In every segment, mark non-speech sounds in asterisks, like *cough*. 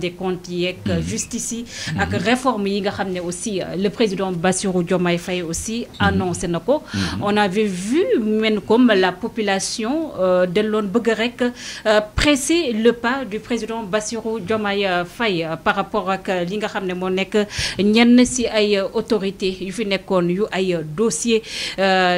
des comptes yeeg mm-hmm. justice ici mm-hmm. ak réforme yi nga aussi le président Bassirou Diomaye Faye aussi mm-hmm. annoncé encore. on avait vu même comme la population euh, de bëgg rek euh, presser le pas du président Bassirou Diomaye euh, Faye par rapport à li nga mon nek moo si ay autorité yu fi qu'on yu ay dossier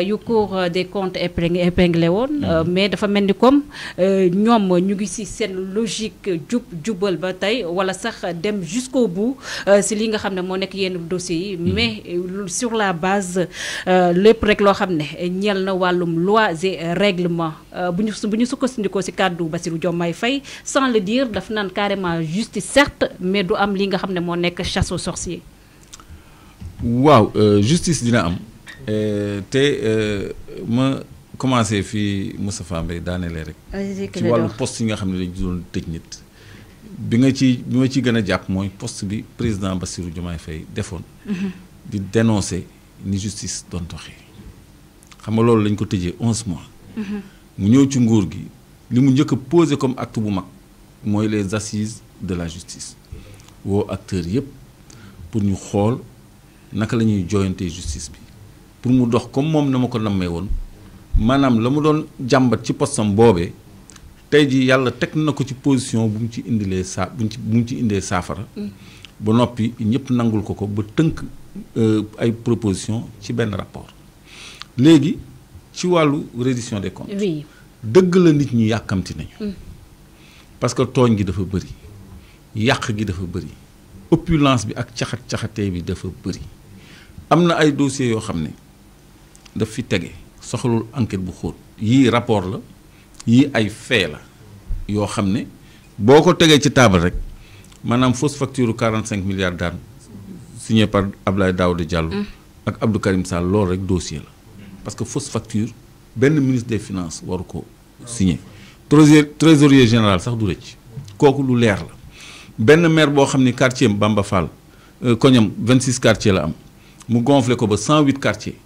yu cours des comptes épinglé woon mais de mel comme ñoom ñu ngi si seen logique du double ba tay wala sax dem jusqu'au bout ci euh, li nga xam mo nek nekk dossier hmm. mais euh, sur la base euh, lépp rek loo xam ne na walum lois et règlement buñu buñu bu ñu sukkandikoo si kàddu Bassirou Diomaye Fay sans le dire daf nan carrément justice certes mais du am li nga xam mo nek chasse aux sorciers waaw justice dina am te ma commencé fi Moustapha Mbaye daanelee rek ci wàllu poste yi nga xam ne doon nit bi nga ci bi ma ci gën a jàpp mooy poste bi président Bassirou Diomaye Faye defoon. Mhm. di dénoncer ni justice doon doxee. xam nga loolu lañ ko tëjee onze mois. Mhm. mu ñëw ci nguur gi li mu njëkk a posé comme acte bu mag mooy les assises de la justice woo acteurs yëpp pour ñu xool naka la ñuy justice bi pour mu dox comme moom na ma ko nammee woon maanaam la mu doon jàmbat ci postam boobee tey jii yàlla teg na ci position bu mu ci indilé saa bu mu ci bu mu ci indee saafara. Mm. ba noppi ñëpp nangul ko ko ba teunk euh, ay proposition ci ben rapport légui ci walu reddition des comptes. oui deug la nit ñi yakamti nañu. Mm. parce que tooñ gi dafa bëri yak gi dafa bëri opulence bi ak caxat caxatee bi dafa bëri amna ay dossier yo xamné daf fi tégué soxlul enquête bu xóot yi rapport la. yii ay fee la yoo xam ne boo ko tegee ci taabal rek maanaam fausse facture cinq milliards daan signé par daaw Daouda Diallo. ak Abdou Karim Sall loolu rek dossier la. parce que fausse facture benn ministre des finances waru ko signé. trésorier trésorier général sax du rëcc. kooku lu leer la. benn maire boo xam ni quartier Bamba Fall euh, koñam 26 quartiers la am mu gonflé ko ba cent 108 quartiers.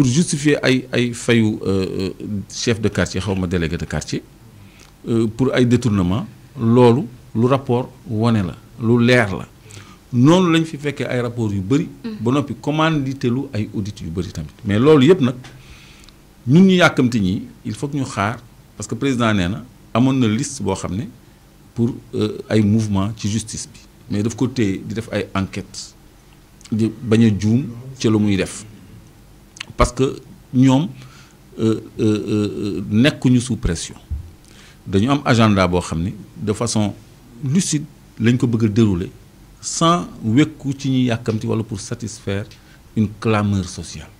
pour justifier ay ay fayu euh, euh, chef de quartier xawma délégué de quartier euh, pour ay détournement lolu lu rapport woné la lu lèr la noonu lañ fi fekkee ay rapport yu bëri mm. ba noppi lu ay audit yu bëri tamit mais lolu yépp nak ñun ñu yakamti ñi il faut que ñu xaar parce que président néna amon na liste bo xamné pour ay mouvement ci justice bi mais daf ko téy di def ay enquête di baña a ci lu muy def parce que Nous sommes euh, euh, euh, sous pression avons un agenda de façon lucide sans ci pour satisfaire une clameur sociale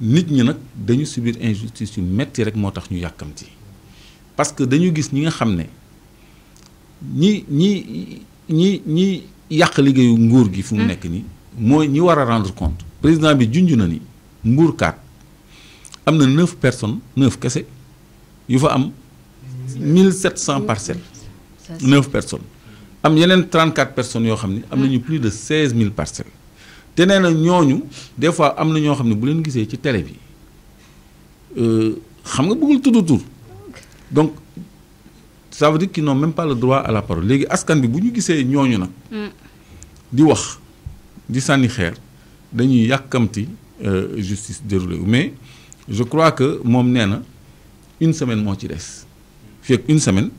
nit ñi nak dañu subir injustice metti rek ñu parce que dañu gis ñi nga xamné ñi ñi ñi ñi nguur gi fu hum. rendre compte président bi il y a 9 personnes 9 kese yu fa am 1700 parcelles 9 personnes Il y a 34 personnes il y am plus de 16 000 parcelles té néna a des fois am na ño xamni bu leen gisee ci télé bi euh xam nga bëggul tuddu donc ça veut dire qu'ils n'ont même pas le droit à la parole légui askan bi nak mm. di wax di euh, justice déroulé mais je crois que mom nee une semaine moo ci des une semaine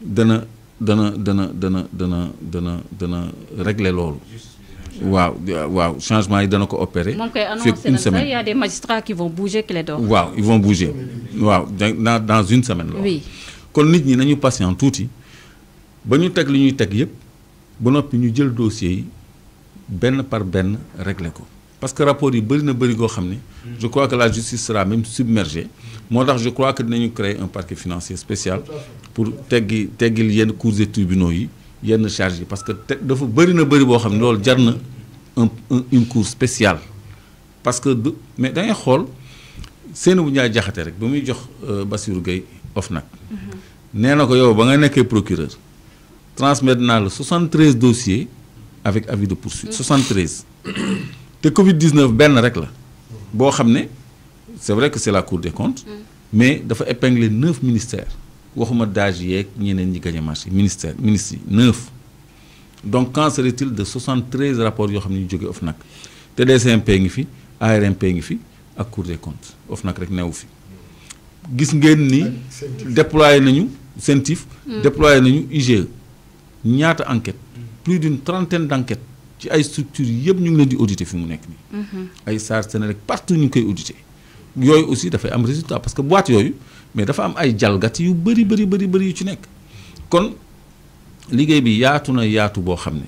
dana dana dana dana dana dana dana régler loolu. waaw waaw changement yi dana ko opérer. une semaine il y a des magistrats qui vont bouger les Clédor. waaw ils vont bouger waaw dans dans une semaine. là oui kon nit ñi nañu patient tuuti ba ñu teg li ñuy teg yëpp ñu jël dossier ben par ben régler ko parce que rapport yi na je crois que la justice sera même submergée Moi je crois que dinañu créer un parquet financier spécial pour teggi cours de tribunaux yi yenn parce que dafa na un une cour spéciale parce que mais dangay xool rek ba muy jox euh, Gueye nee yow ba nga procureur 73 dossiers avec avis de poursuite 73 le Covid 19 Ben rek la bo xamné c'est vrai que c'est la cour des comptes mm. mais dafa épingler neuf ministères waxuma daaj ñeneen ñi gagné marché ministère ministre, neuf donc quand serait-il de 73 rapports yo xam ne ñu jóge OFNAC té DCMP ngi fi ARMP ngi fi ak cour des comptes OFNAC rek newu fi gis ngeen ni ah, déployé nañu CENTIF mm. déployé nañu IGE ñaata enquête mm. plus d'une trentaine d'enquêtes ci ay structures yëpp ñu ngi leen di auditer fi mu nekk nii. Mhm. ay SAR Senelec partout ñu ngi koy auditer yooyu aussi dafay am résultat parce que boîte yooyu mais dafa am ay jalgati yu bëri bëri bëri bëri yu ci nekk kon liggéey bi yaatu na yaatu boo xam ne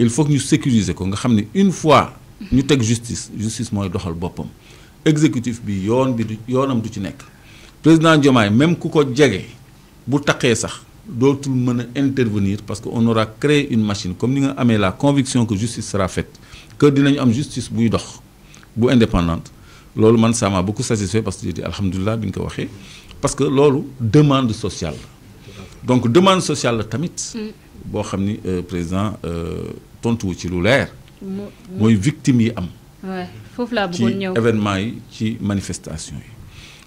il faut que ñu sécuriser ko nga xam ne une fois. ñu teg justice justice mooy doxal boppam exécutif bi yoon bi du yoonam du ci nekk président Diomaye même ku ko jege bu taqee sax. D'autres mën intervenir parce que aura créé une machine comme ni nga la conviction que justice sera faite que am justice indépendante m'a beaucoup satisfait parce que j'ai dit parce que demande sociale donc demande sociale tamit président victime yi manifestation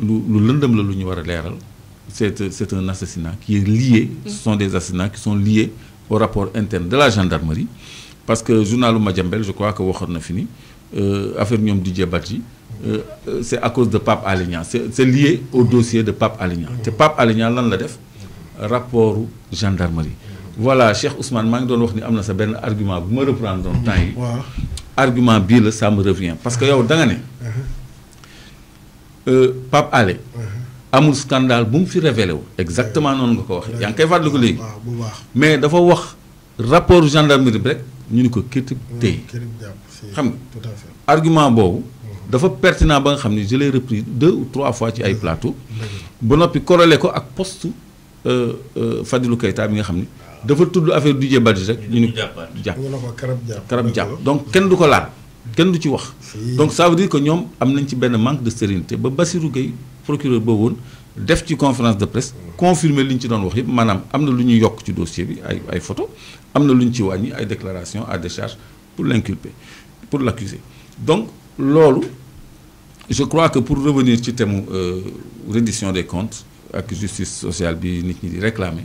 lu lu le c'est un assassinat qui est lié ce mm-hmm. sont des assassinats qui sont liés au rapport interne de la gendarmerie parce que journal journalu Madiambel je crois que waxoon na fini euh, affaire Didier euh, euh, c'est à cause de Pape Alignan, c'est lié au dossier de Pape Alignan. c'est Pape Alignan, Niang lan la def gendarmerie voilà Cheikh Ousmane je vais vous wax Un argument sa benn argument bu reprendre temps argument bil ça me revient parce que vous da nga uh-huh. Euh, Pape Alé uh-huh. scandale boum exactement non nga ko wax va le mais dafa rapport gendarmerie rek ni ko hmm, argument uh-huh. pertinent je l'ai repris deux ou trois fois ci ay plateau. bon on corrélé ko ak poste euh, euh, Fadilou Keita bi nga xam ni. Ah. dafa Didier rek. donc kenn du ci wax. donc ça veut dire que ñoom am nañ ci benn manque de sérénité ba Bassirou Gueye procureur ba woon def ci conférence de presse confirmer liñ ci doon wax yëpp maanaam am na lu ci dossier bi ay ay photo am na lu ci wàññi ay déclaration à décharge pour l'inculper pour l'accuser donc loolu je crois que pour revenir ci thème euh, reddition des comptes ak justice sociale bi nit ñi di réclamer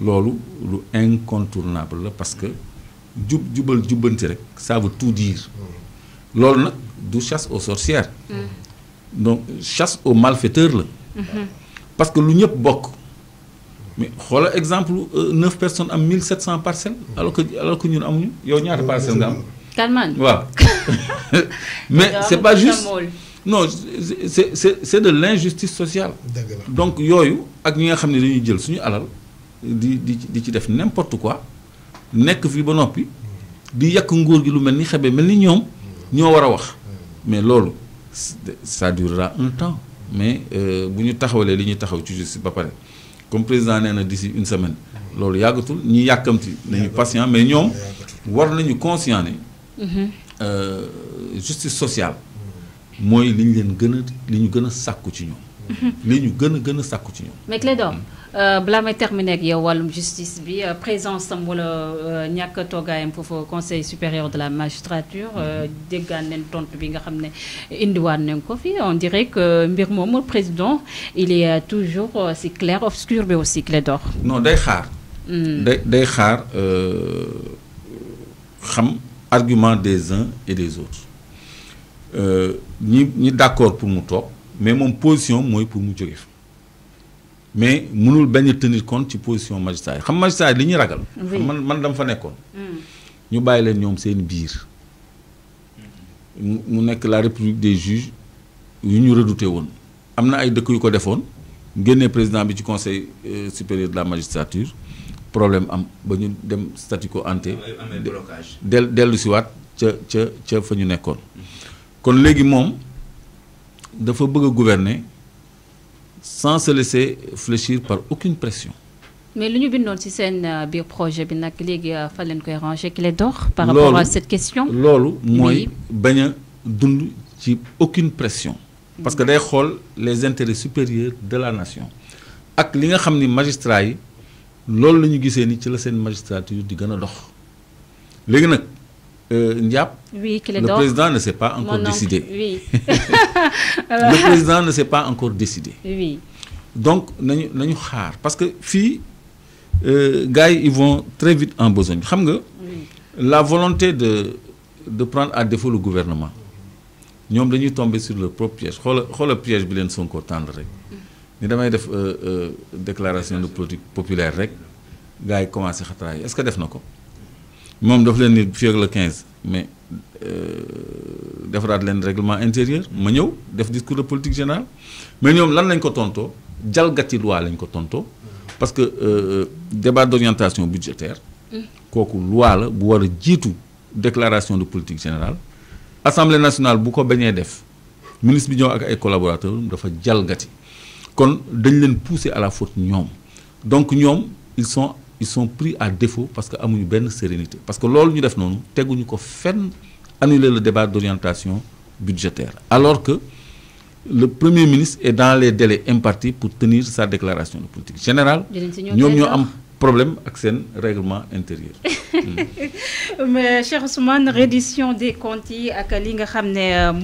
loolu lu incontournable parce que jub jubal jubbanti rek ça veut tout dire loolu nak du chasse aux sorcières donc chasse aux malfaiteurs la parce que lu ñep bok mais xoolal exemple euh, neuf personnes am 1700 parcelles alors que alors que ñun amuñu yow ñaata parcelles nga am Kalman *laughs* mais c'est pas juste non c'est c'est de l'injustice sociale donc yooyu ak ñi nga xamni dañuy jël suñu alal di di di ci def n'importe quoi nek fi ba nopi di yak nguur gi lu melni ni xebe mel ni ñoom ñoo war wax mais lolu ça durera un temps mais euh buñu taxawale li ñuy taxaw ci justice ba pare comme président néna d'ici une semaine lolu yagatul ñi yakamti nañu patient mais ñom war nañu conscient mm-hmm. euh justice sociale moy liñ leen gëna liñu gëna sakku ci ñom li ñu gën a gën mais mm. euh, justice bi euh, présence euh, conseil supérieur de la magistrature mm-hmm. tontu bi on dirait que mbir président il est toujours c'est clair obscur aussi Clédor. non day xaar. Mm. day day xaar des uns et des autres ñi d'accord pour mu mais mon position moi pour mu jóge mais mënul bañ tenir compte ci position magistrat xam magistrat li ñuy ragal. man man dama fa nekkoon. Hmm. ñu bàyyi len ñom seen biir. mu nekk la république des juges yu ñu redouté won amna ay dëkk yu ko defoon génnee président bi ci conseil euh, supérieur de la magistrature problème am ba ñu dem statu quo ante. Ah dellu dellu si waat ca ca ca fa ñu nekkoon kon léegi moom dafa bëgg gouverner sans se laisser fléchir par aucune pression. mais lu ñu bindoon ci seen euh, biir projet bi nag léegi euh, fa leen koy ranger les par rapport à cette question. loolu mooy bañ a dund ci aucune pression. parce que day xool les intérêts supérieurs de la nation. ak li nga xam ni magistrats yi loolu la ñu gisee ni ci la seen magistrature di gën a dox euh, Ndiap, oui, le président ne s'est pas encore décidé. *laughs* *laughs* le président ne s'est pas encore décidé. Oui. Donc, nous, nous parce que les euh, gars, ils vont très vite en besoin. Oui. La volonté de, de prendre à défaut le gouvernement, nous sommes tombés sur le propre piège. Quel le piège bilan sont tendre Nous avons fait une déclaration de politique populaire. Les gars commencent à travailler. Est-ce que nous avons fait moom daf leen ni le 15 mais euh, règlement intérieur ma ñëw def discours de politique générale mais ñoom lan lañ ko loi lañ parce que euh, euh, débat d'orientation budgétaire kooku loi la bu déclaration de politique générale assemblée nationale bu ko def ministre collaborateurs dafa à la faute donc ñoom ils sont ils sont pris à défaut parce que sérénité parce que l'on ñu def nous fait, annuler le débat d'orientation budgétaire alors que le premier ministre est dans les délais impartis pour tenir sa déclaration de politique générale Nous avons un problème ak ce règlement intérieur. *laughs* Hmm. mais reddition des comptes